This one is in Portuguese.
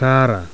Cara